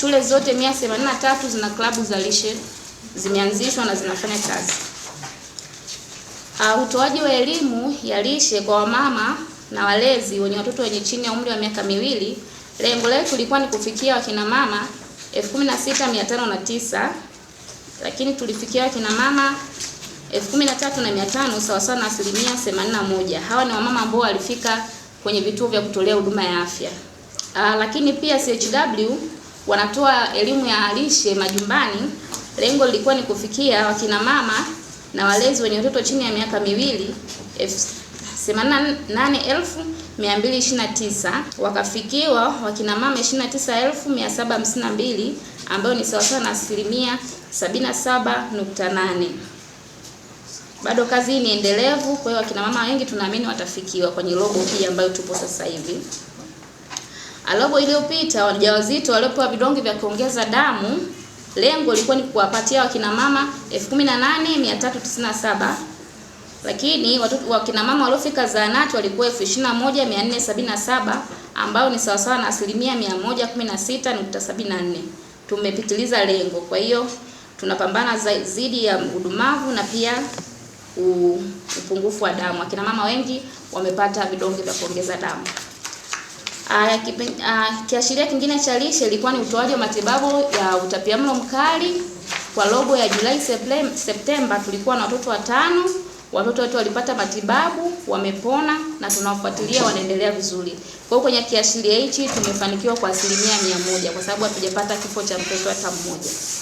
Shule zote 183 zina klabu za lishe zimeanzishwa na zinafanya kazi. Uh, utoaji wa elimu ya lishe kwa wamama na walezi wenye watoto wenye chini ya umri wa miaka miwili, lengo letu lilikuwa ni kufikia wakina mama 16509 lakini tulifikia wakina mama 13500 sawa sawa na asilimia 81. Hawa ni wamama ambao walifika kwenye vituo vya kutolea huduma ya afya. Uh, lakini pia CHW wanatoa elimu ya lishe majumbani. Lengo lilikuwa ni kufikia wakina mama na walezi wenye watoto chini ya miaka miwili 88229 wakafikiwa wakina mama 29752 ambayo ni sawasawa na asilimia 77.8. Bado kazi hii ni endelevu, kwa hiyo wakina mama wengi tunaamini watafikiwa kwenye robo hii ambayo tupo sasa hivi. Robo iliyopita wajawazito waliopewa vidonge vya kuongeza damu, lengo lilikuwa ni kuwapatia wakina mama 18397 lakini watoto wakina mama waliofika zahanati walikuwa 21477 ambao ni sawasawa na asilimia 116.74. Tumepitiliza lengo, kwa hiyo tunapambana zaidi ya udumavu na pia upungufu wa damu. Akina mama wengi wamepata vidonge vya kuongeza damu. Ah, ah, kiashiria kingine cha lishe ilikuwa ni utoaji wa matibabu ya utapiamlo mkali. Kwa robo ya Julai Septemba tulikuwa na watoto watano. Watoto wetu walipata matibabu, wamepona na tunawafuatilia wanaendelea vizuri. Kwa hiyo kwenye kiashiria hichi tumefanikiwa kwa asilimia mia moja kwa sababu hatujapata kifo cha mtoto hata mmoja.